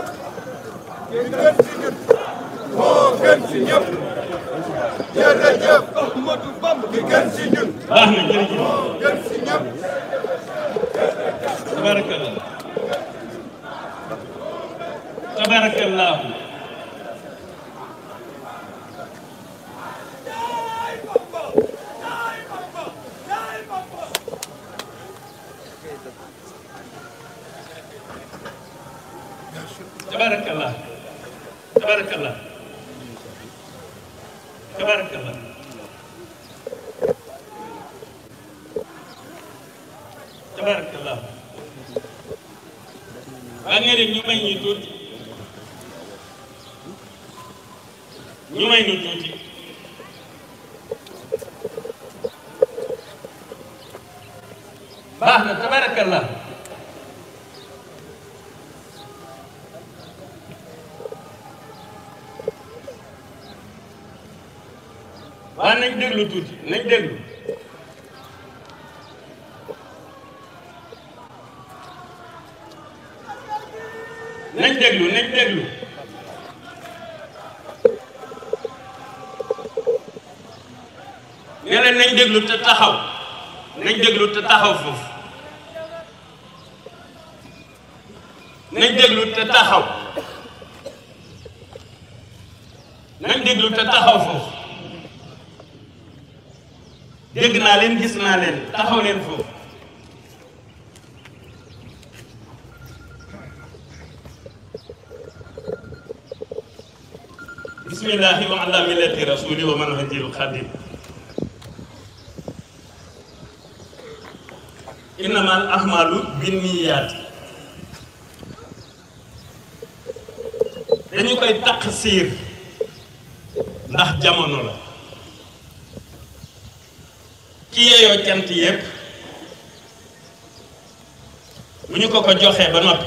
ki gën ci ñun moo gën ci ñëpp jërëjëf Ahmadou Bamba ki gën ci ñun baax na jërëjëf moo gën ci ñëpp tabarakallah tabarakallah tabarakallah waa nga ñu may ñu tuuti ñu may ñu tuuti baax tabarakallah waaye nañ déglu tuuti nañ déglu nañ déglu nañ déglu ne leen nañ déglu te taxaw nañ déglu te taxaw foofu nañ déglu te taxaw nañ déglu te taxaw foofu dégg naa leen gis naa leen taxaw leen foofu bismillahi wa ala millati rasuli wa manhajil xadim innama al ahmalu binniyaat dañu koy taqsiir ndax jamono la ki yeeyoo cant yépp bu ñu ko ko joxee ba noppi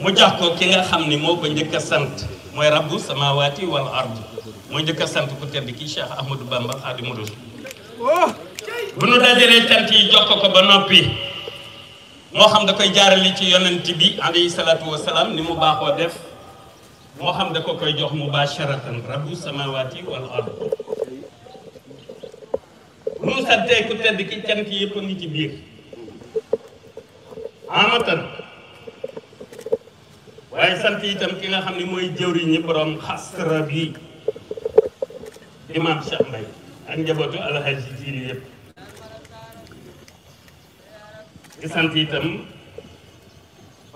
mu jox ko ki nga xam ni moo ko njëkk sant mooy rabbu samawaati wal ard mooy njëkk a sant ku tedd ki Cheikh Ahmadou Bamba Xaadimu Rasuul oh. bu nu dajalee cant yi jox ko ko ba noppi moo xam da koy jaarale ci yonent bi alayhi salaatu wasalaam ni mu baaxoo def moo xam da ko koy jox mubaasharatan rabbu samawaati wal ard ruusantee ku tedd ki cant yëpp a ngi ci biir amatan waaye sant itam ki nga xam ni mooy jëwriñ ñi borom xasra bi imaam Cheikh Mbaye ak njabootu alxaaji jiili yëpp di sant itam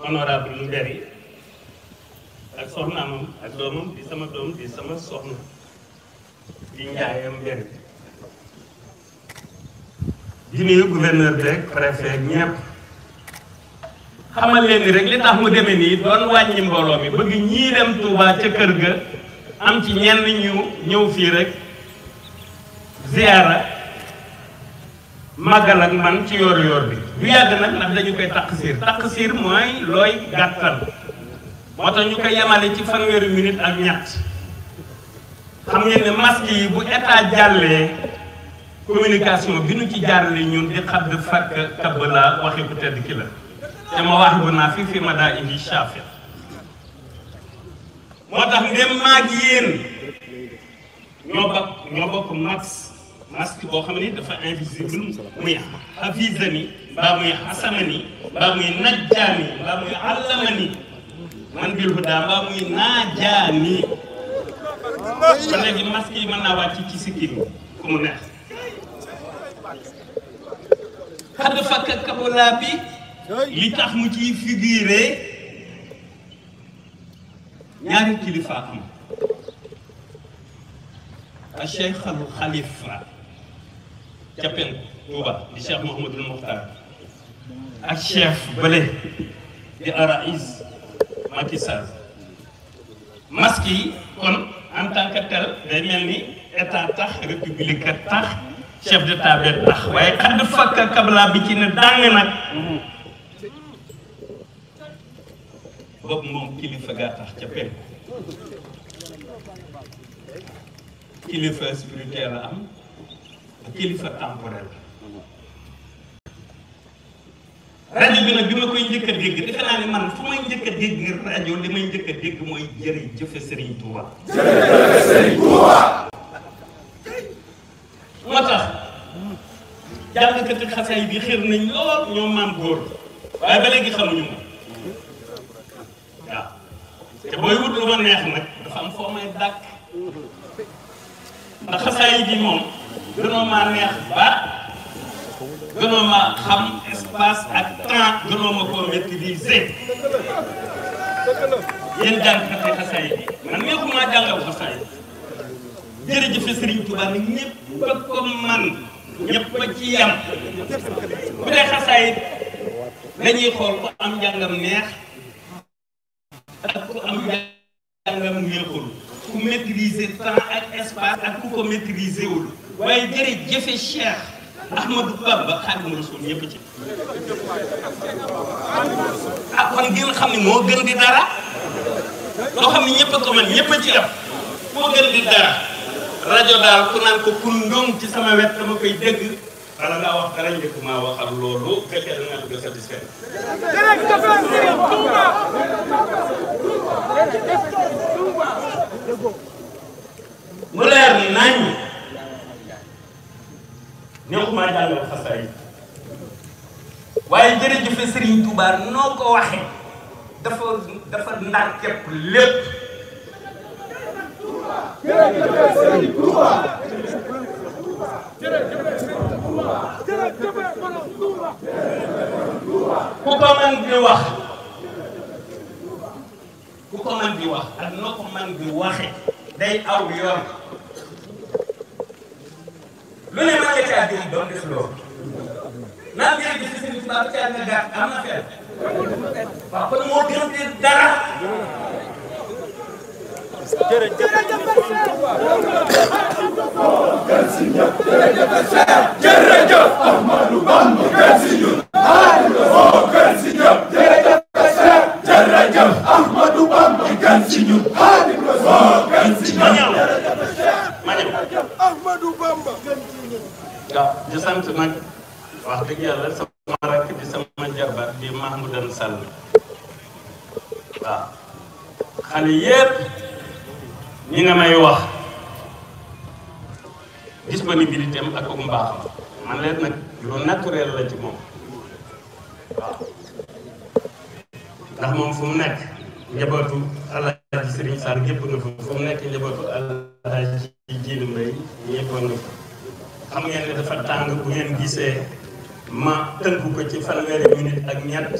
honorable Nderi ak soxnaamam ak doomam di sama doom di sama soxna di njaayam Nderi di nuyu gouverneur beeg préfet ñëpp xamal leen ni rek li tax mu demee nii doon wàññi mbooloo mi bëgg ñii dem Touba ca kër ga am ci ñenn ñu ñëw fii rek ziyaara màggal ak man ci yoor yoor bi du yàgg nag ndax dañu koy taqsiir taqsiir mooy looy gàttal moo tax ñu koy yemale ci fanweeri minute ak ñett xam ngeen ne yi bu état jàllee communication bi nu ci jaarale ñun di xadd fakk kab laa waxe ku tedd ki la te ma wax bu naa fi fi ma daa indi saafi moo tax ndem maag yéen ñoo bokk ñoo bokk max masque boo xam ne dafa invisible muy xafisani mbaa mbaa muy najjaani mbaa muy allamani man bil hudaa mbaa muy naajaani ba léegi masque yi naa wàcc ci sikkim ku mu neex xad fakka kabola bi li tax mu ciy figuré ñaari kilifa am a cheikh al xalifa ca di cheikh Mouhamadul Mokhtar ak cheikh bële di Araïs Macky Sall kon en tant que day mel ni état tax république tax chef d'état bee tax waaye xadd fakka kabla bi ci ne dàng nag boobu moom kilifa gaa tax ca penk kilifa spirituel la am kilifa temporel rajo bi nag bi ma koy njëkk dégg defe naa ne man fu may njëkk a dégg rajo li may njëkk dégg mooy jërëjëf Serigne Touba. jërëjëf Serigne Touba. jàngkati xasaay bi xir nañ lool ñoom maam góor waaye ba léegi xamuñu moom waaw booy wut lu ma neex nag dafa am foo may dàkk ndax xasaay bi moom gënoo maa neex baat ma koo maîtriser yéen xasaay bi man neexu maa jàngal xasaay jërëjëf Serigne Touba man ñëpp a ci yam bu dee xasaayit dañuy xool ku am njàngam neex ak ku am njàngam neexul ku maîtriser temps ak espace ak ku ko maîtriser wul waaye jërëjëfe Cheikh Ahmadou Bamba Xaadimu Rasuul ñëpp ci ah kon ngeen xam ne moo gën di dara loo xam ne ñëpp ko mën ñëpp ci yam moo gën di dara rajo daal ku naan ko kun ci sama wet dama koy dégg bala ngaa wax dara njëkk maa waxal loolu fekkee da ngaa bëgg a satisfaire mu leer nañ neexumaa jàngal xasaay waaye jërëjëfe Serigne Touba noo ko waxe dafa dafa ndar képp lépp jërëjëf Serigne Touba jërëjëf Serigne ku ko man wax ku ko man di waxe day aw yoon lu ne ma nga caa jëm doon def loolu naan ngay gis Serigne Touba caa nga gàtt am na fenn waaw kon moo gën dara jërëjëf jërëjëf Ahmadou Bamba gën si ñun moo gën si ñëpp jërëjëf jërëjëf Ahmadou Bamba gën si ñun moo gën si ñëpp jërëjëf Ahmadou Bamba gën si ñun waaw di sant nag wax dëgg yàlla sama rakk di sama jabar di Mahmoudan Sall waaw xale yépp ñi nga may wax disponibilité am ak ak mbaaxam man leen nag lu naturel la ci moom ndax moom fu mu nekk njabootu alaaji Serigne Sall ñëpp nga fa fu mu nekk njabootu alaaji Jiili Mbay ñëpp nga fa xam ngeen dafa tàng bu ngeen gisee ma tënk ko ci fanweeri minute ak ñett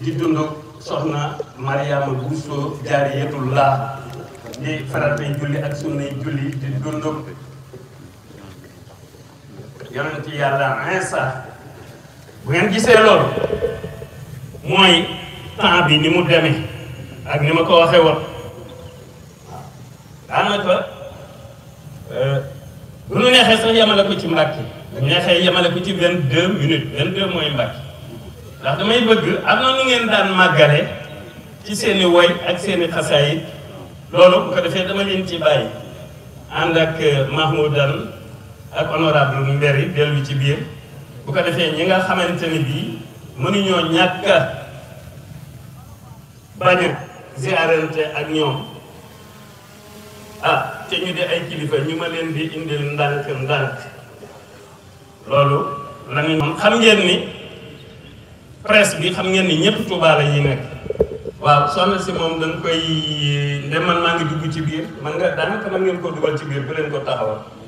di dund soxna Mariama Bousso Jaariyatullah di faratay julli ak sunnay julli di dundum yonent yàlla Iisaa bu ngeen gisee loolu mooy temps bi ni mu demee ak ni ma ko waxee woon daanaka euh, bu nu neexee sax yemale ko ci Mbàkke bu neexee yemale ko ci vingt deux minutes vingt deux mooy Mbàkke ndax damay bëgg am na nu ngeen daan màggale ci seeni woy ak seeni xasaayit loolu bu ko defee dama leen ci bàyyi ànd ak euh, Mahmoudan ak honorable Nguer yi dellu ci biir bu ko defee ñi nga xamante ni bii mënuñoo ñàkk a bañ a ak ñoom ah te ñu di ay kilifa ñu ma leen di indil ndànk ndànk loolu la ñu xam ngeen ni presse bi xam ngeen ni ñëpp Tuubaa yi nekk waaw soxna si moom dañ koy ne man maa ngi dugg ci biir man nga daanaka man ngeen ko dugal ci biir bu leen ko taxawal.